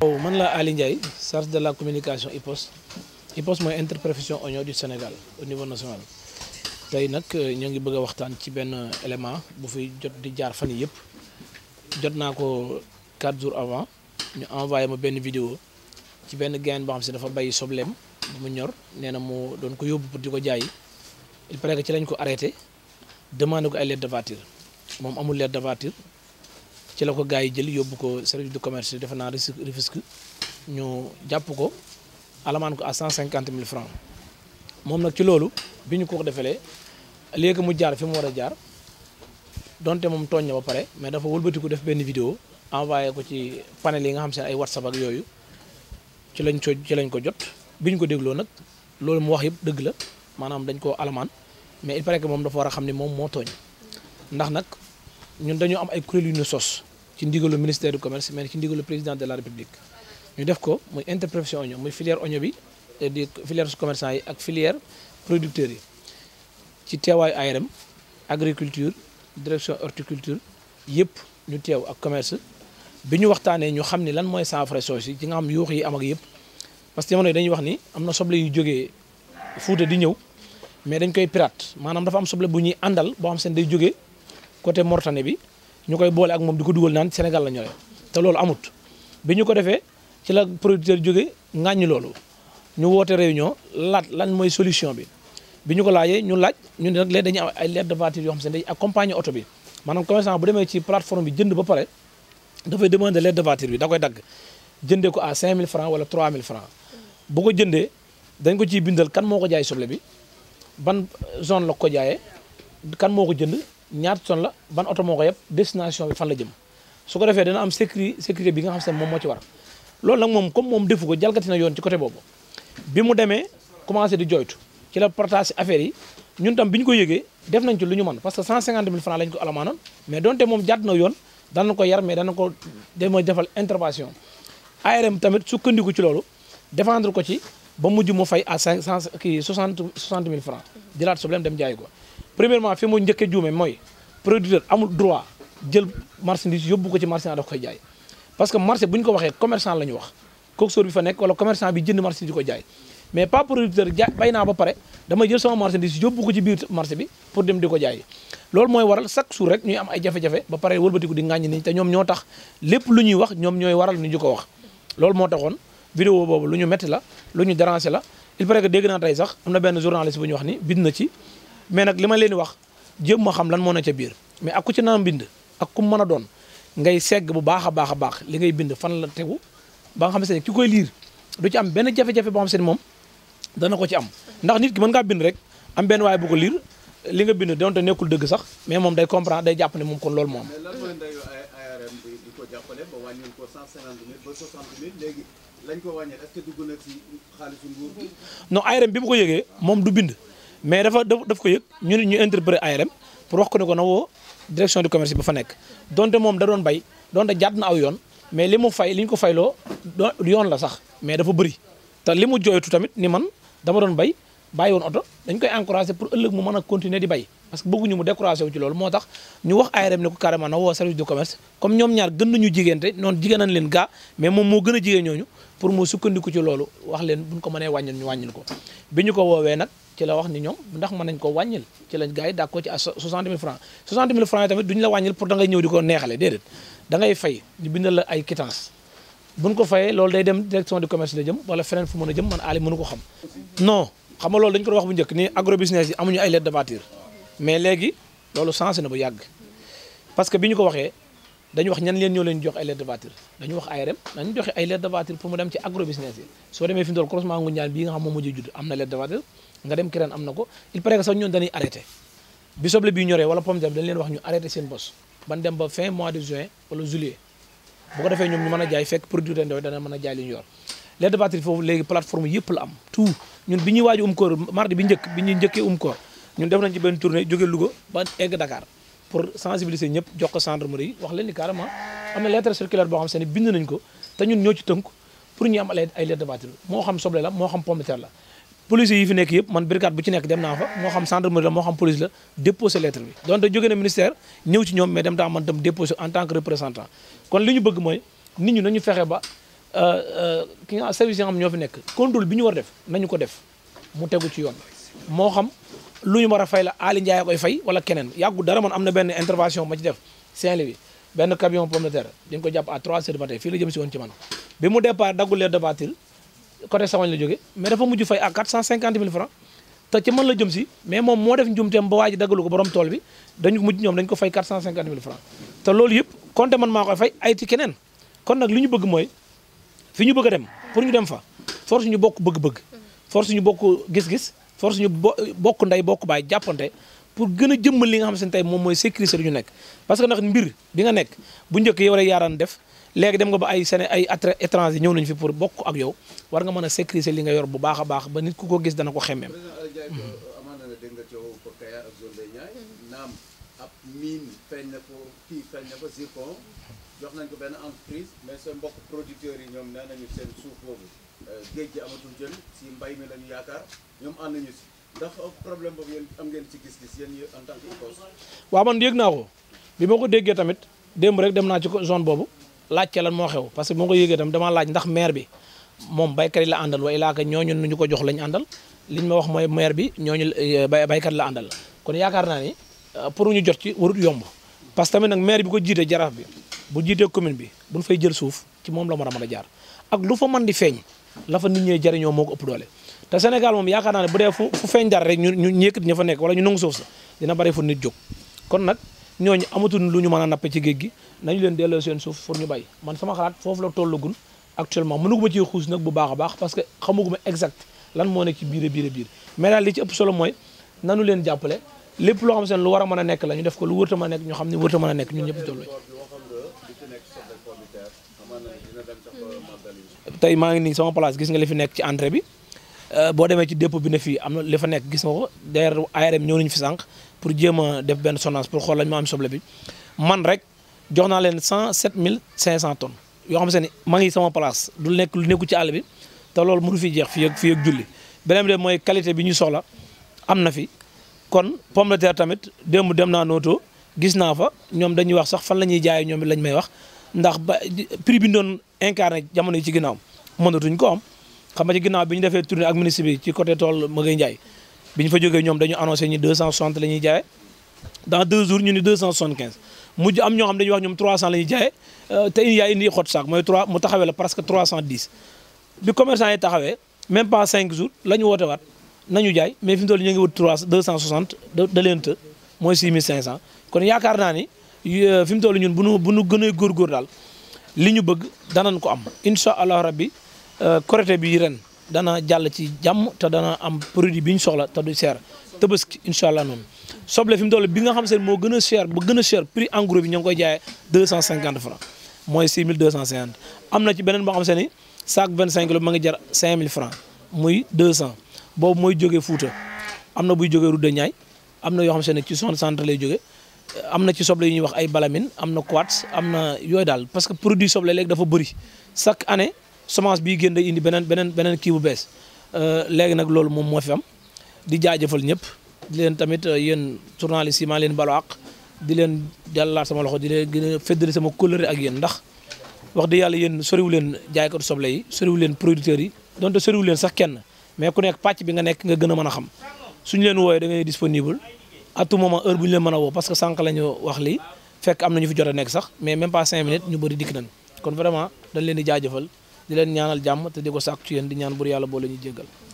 waaw man laa Ali Ndiaye de la communication IPOS IPOS mooy interprofession oignon du Sénégal au national tey nag euh, ñoo ngi bëgg a waxtaan ci benn élément bu fi jot di jaar fan yii yëpp jot naa ko 4 jours avant ñu envoyé ma benn vidéo ci benn gain boo xam si dafa bàyyi sobleem bu mu ñor nee na mu doon ko yóbbu pour di ko jaayi il paraît que ci lañ ko arrêté demande ko ay lettre de voiture moom amul lettre de voiture ci la ko gars yi jël yóbbu ko service du commerce defe naa Rufisque ñu jàpp ko alamaan ko à cent cinquante mille francs moom nag ci loolu bi ñu ko ko defelee léegi mu jaar fi mu war a jaar donte moom tooñ na ba pare mais dafa wëlbatiku def benn vidéo envoyé ko ci panel yi nga xam seen ay whatsapp ak yooyu ci lañ ko ci lañ ko jot bi ñu ko dégloo nag loolu mu wax yëpp dëgg la maanaam dañ koo alamaan mais il paraît que moom dafa war a xam ne moom moo tooñ ndax nag ñun dañoo am ay kuréel yu sos ci ndigalu ministère du commerce mais ci ndigalu président de la république ñu def ko muy interprofession oignon muy filière oignon bi di filière commerçant yi ak filière producteurs yi ci teewaayu ARM agriculture direction horticulture yëpp ñu teew ak commerce bi ñu waxtaanee ñu xam ni lan mooy saafara soosu yi ci nga xam yuux yi am ak yëpp parce que jamono yi dañuy wax ni am na soble yu jógee Fuuta di ñëw mais dañ koy pirate maanaam dafa am soble bu ñuy àndal boo xam seen day jógee côté Mortane bi ñu koy boole ak moom di ko dugal naan Sénégal la ñoree te loolu amut bi ñu ko defee ci la producteur jóge ŋàññi loolu ñu woote réunion laat lan mooy solution bi bi ñu ko laajee ñu laaj ñu ne nag léegi dañuy ay lettre de voiture yoo xam se ne dañuy accompagner oto bi maanaam commerçant bu demee ci plateforme bi jënd ba pare dafay demander lettre de voiture bi da koy dagg jëndee ko à 5000 francs wala 3000 francs bu ko jëndee dañ ko ciy bindal kan moo ko jaay soble bi ban zone la ko jaayee kan moo ko jënd ñaata tonne la ban oto moo ko yeb destination bi fan la jëm su ko defee dana am sécurité sécurité bi nga xam se moom moo ci war loolu nag moom comme moom defu ko jalgati na yoon ci côté boobu bi mu demee commencé di joytu ci la partage affaire yi ñun tam bi ñu ko yëgee def nañ ci lu ñu mën parce que 150 000 francs lañ ko alamaanoon mais donte moom jàdd na yoon dana ko yar mais dana ko dema defal intervention ARM tamit sukkandiku ci loolu défendre ko ci ba mujj mu fay à 500 kii 60 60 000 francs jëlaat problème dem jaay ko premièrement fi mu njëkkee juume mooy producteur amul droit jël marchandise yóbbu ko ci marchand daf koy jaay parce que marché bu ñu ko waxee commerçant la ñu wax coxeur bi fa nekk wala commerçant bi jënd marchandise di ko jaay mais ba pare dama jël sama yóbbu ko ci biir marché bi pour dem di ko jaay loolu mooy waral chaque jour rek ñuy am ay jafe-jafe ba pare wëlbatiku di ŋàññi ni te ñoom ñoo tax lépp lu ñuy wax ñoom ñooy waral ni ñu ko wax loolu moo taxoon vidéo boobu lu ñu metti la lu ñu déranger la il paraît que dégg naa tey sax am na benn journaliste bu wax ni bind ci mais nag li ma leen wax jéem ma xam lan moo ne ca biir mais ak ku ci naa bind ak ku mën a doon ngay segg bu baax a baax a baax li ngay bind fan la tegu ba nga xam se ne ki koy liir du ci am benn jafe-jafe boo xam se moom dana ko ci am ndax nit ki mën ngaa bind rek am benn waaye bu ko liir li nga bind donte nekkul dëgg sax mais moom day comprendre day jàpp ne moom kon loolu moo am. jàppale ba wàññil ko 150 000 ba 60 000 léegi lañ ko wàññee est bi mu ko yëgee moom du bind. mais dafa daf ko yëg ñu ñu interpellé ARM pour wax ko ne ko na woo direction du commerce ba fa nekk donte moom da doon bay donte jàdd na aw yoon mais li mu fay li ñu ko fayloo yoon la sax mais dafa bëri te li mu jooytu tamit ni man dama doon bay bàyyi woon oto dañ koy encouragé pour ëllëg mu mën a continuer di bay parce que bëgguñu mu découragé wu ci loolu moo tax ñu wax ARM ne ko carrément na woo service du commerce comme ñoom ñaar gën nañu jigéente noonu jigéenan leen gaa mais moom moo gën a jigéen ñooñu pour moo sukkandiku ci loolu wax leen buñ ko mënee wàññil ñu wàññil ko bi ñu ko woowee nag ci la wax ni ñoom ndax mën nañ ko wàññil ci lañ gars yi dak ko ci 60 000 francs 60 000 francs yi tamit duñu la wàññil pour da ñëw di wala feneen fu mën a ni agro business yi amuñu mais léegi loolu changé na bu yàgg parce que bi ñu ko waxee dañu wax ñan leen ñoo leen jox ay lettre de dañu wax ARM dañu joxe ay lettre de voiture pour mu dem ci agro business yi soo demee fi mu toll croisement ngu ñaan bii nga xam moom mujj judd am na lettre de wala pomme de terre dañ leen wax ñu arrêté seen bos ban dem ba fin mois de juin defee ñoom a fekk produit de ndoy dana mën a jaay li ñu yor lettre de foofu léegi plateforme yëpp la am tout ñun bi ñuy waaju um koor mardi bi njëkk bi ñuy njëkkee um koor ñun def nañ ci benn tournée jóge Louga ba egg Dakar pour sensibiliser ñëpp jox ko gendarmerie yi wax leen ni carrément am na lettre circulaire boo xam se ne bind nañ ko te ñun ñoo ci tënk pour ñu am ay lettre de voiture moo xam soble la moo xam pomme de terre la police yi fi nekk yëpp man brigade bu ci nekk dem naa fa moo xam gendarmerie la moo xam police la déposé lettre bi donte jóge na ministère ñëw ci ñoom mais dem taa man tam déposé en tant que représentant kon li ñu bëgg mooy nit ñu nañu fexe ba euh, euh, ki nga service yi nga ñoo fi nekk contrôle bi ñu war def nañu ko def mu tegu ci yoon moo xam lu ñu war fay la Aly Ndiaye koy fay wala keneen yàggu dara man am na benn intervention ma ci def Saint-Louis benn camion pomme de terre dañ ko jàpp à 3 heures du matin fii la jëm si ci man bi mu départ daggul leer de bâtil côté Samañ jóge mais dafa mujj fay à 450 000 francs te ci man la jëm mais moom moo def njumteem ba waa ji daggalu ko tool bi dañu mujj ñoom dañ ko fay 450 000 francs te loolu yëpp ay ci keneen kon nag li ñu bëgg mooy fi ñu bëgg dem pour ñu dem fa force ñu bokk bëgg-bëgg force ñu bokk gis-gis force ñu bokk nday bokk baay jàppante pour gën a jëmmal li nga xam ne tey moom mooy sécuriser lu ñu nekk parce que ndax mbir bi nga nekk bu njëkk yow rek yaaraan def léegi dem nga ba ay sene ay at étranger ñëw nañu fi pour bokk ak yow war nga mën a sécuriser li nga yor bu baax a baax ba nit ku ko gis dana ko xemmeem mhm. euh, naam ab miin feeñ na ko kii feeñ na ko jox nañ ko benn seen mbokk producteurs yi ñoom nee nañu seen suuf boobu euh, géej mbay mi la ñu yaakaar ñoom problème boobu yéen am ci gis-gis yéen man yëg naa ko bi ma ko déggee tamit démb rek dem naa ci zone boobu laajte lan moo parce que bi ko yëgee tamit damaa laaj ndax maire bi moom baykat yi la àndal waaye laa ko ñooñu nu ñu ko jox lañu àndal liñ ma wax mooy maire bi ñooñu euh, baykat la àndal kon yaakaar naa ni euh, pour ñu jot ci warut yomb parce que tamit nag maire bi ko jiitee jaraaf bi bu jiitee commune bi buñ fay jël suuf ci moom la war a mën a jaar ak lu fa man di feeñ la fa nit ñee jariñoo moo ko ëpp te Sénégal moom yaakaar naa ne bu dee fu fu feeñ dara rek ñu ñu yëkkati ña fa nekk wala ñu nangu suuf sa dina bari fu nit jóg kon nag lu ñu mën a nappe ci géej gi nañu leen delloo seen suuf pour ñu bay man sama foofu la tollagul actuellement mënuguma ci xuus nag bu baax baax parce que xamuguma exact lan moo nekk ci biir biir biir daal li ci ëpp solo mooy nanu leen jàppale lépp loo xam seen lu war a nekk la ñu def ko lu wërta a nekk ñu xam ne wërta a nekk ñun ñëpp tolloo tey maa ngi nii sama place gis nga li fi nekk ci entrée bi euh, boo demee ci dépôt bi ne fii am na li fa nekk gis nga ko d'ailleurs ARM ñëw nañu fi sànq pour jéem a def benn sondage pour xool lañ ma am soble bi man rek jox naa leen cent sept mille cinq cent tonnes yoo xam se ne maa ngi sama place du nekk lu nekku ci àll bi te loolu mënu fi jeex fi ak fii ak julli beneen bi de mooy qualité bi ñu soxla am na fi kon pomme de terre tamit démb dem naa nooto gis naa fa ñoom dañuy wax sax fan la ñuy jaayee ñoom lañ may wax ndax ba prix bi ñu doon incarné jamono yi ci ginnaaw mënatuñ ko am xam ci ginnaaw bi ñu defee tournée ak ci côté tool Maguette Ndiaye bi ñu fa jógee ñoom dañu annoncé ñi 260 la ñuy jaayee ñu ni 275 mujj am ñoo xam dañuy wax ñoom 300 la ñuy jaayee euh, te yaay indi xot saak mooy 3 mu taxawee la presque 310 bi commerçant yi taxawee même pas 5 jours la woote waat nañu jaay mais fi mu ñu ngi wut 3 260 mooy 6500 kon yaakaar naa ni euh, fi mu toll ñun bu nu bu nu gën a góorgóor daal li ñu bëgg danañ ko am incha allah rabbi euh, korité bi ren dana jàll ci jàmm te dana am produit bi ñu soxla te du cher tabaski incha allah noonu soble fi mu toll bi nga xam seen moo gën a cher ba gën a cher prix en gros bi ñoo ngi koy jaayee 250 francs mooy 6250 am na ci beneen boo xam se ni sac ma ngi jar 5000 francs muy 200 boobu mooy jógee Fuuta am na buy jógee Rudde Ñaay am na yoo xam se ne ci son centre lay jóge am na ci soble yu ñuy wax ay balamine am na quartz am na yooyu daal parce que produit soble léegi dafa bëri chaque année semence bii génn da indi beneen beneen beneen kii bu bees euh, léegi nag loolu moom moo fi am di jaajëfal ñëpp di leen tamit euh, yéen journalistes yi maa leen baloo àq di leen jàllalaat sama loxo di leen gën a feddali sama kóllëre ak yéen ndax wax dëgg yàlla yéen soriwu leen jaaykatu soble yi soriwu leen producteurs yi donte soriwu leen sax kenn mais ku nekk pàcc bi nga nekk nga gën a mën a xam suñu leen wooyee da ngay disponible à tout moment heure bu ñu leen mën a woo parce que sànq wax lii fekk am na ñu fi jot a nekk sax mais même pas cinq minutes ñu bëri dikk nañ kon vraiment dañ leen di jaajëfal di leen ñaanal jàmm te di ko sàkk ci yéen di ñaan bur yàlla boo la jéggal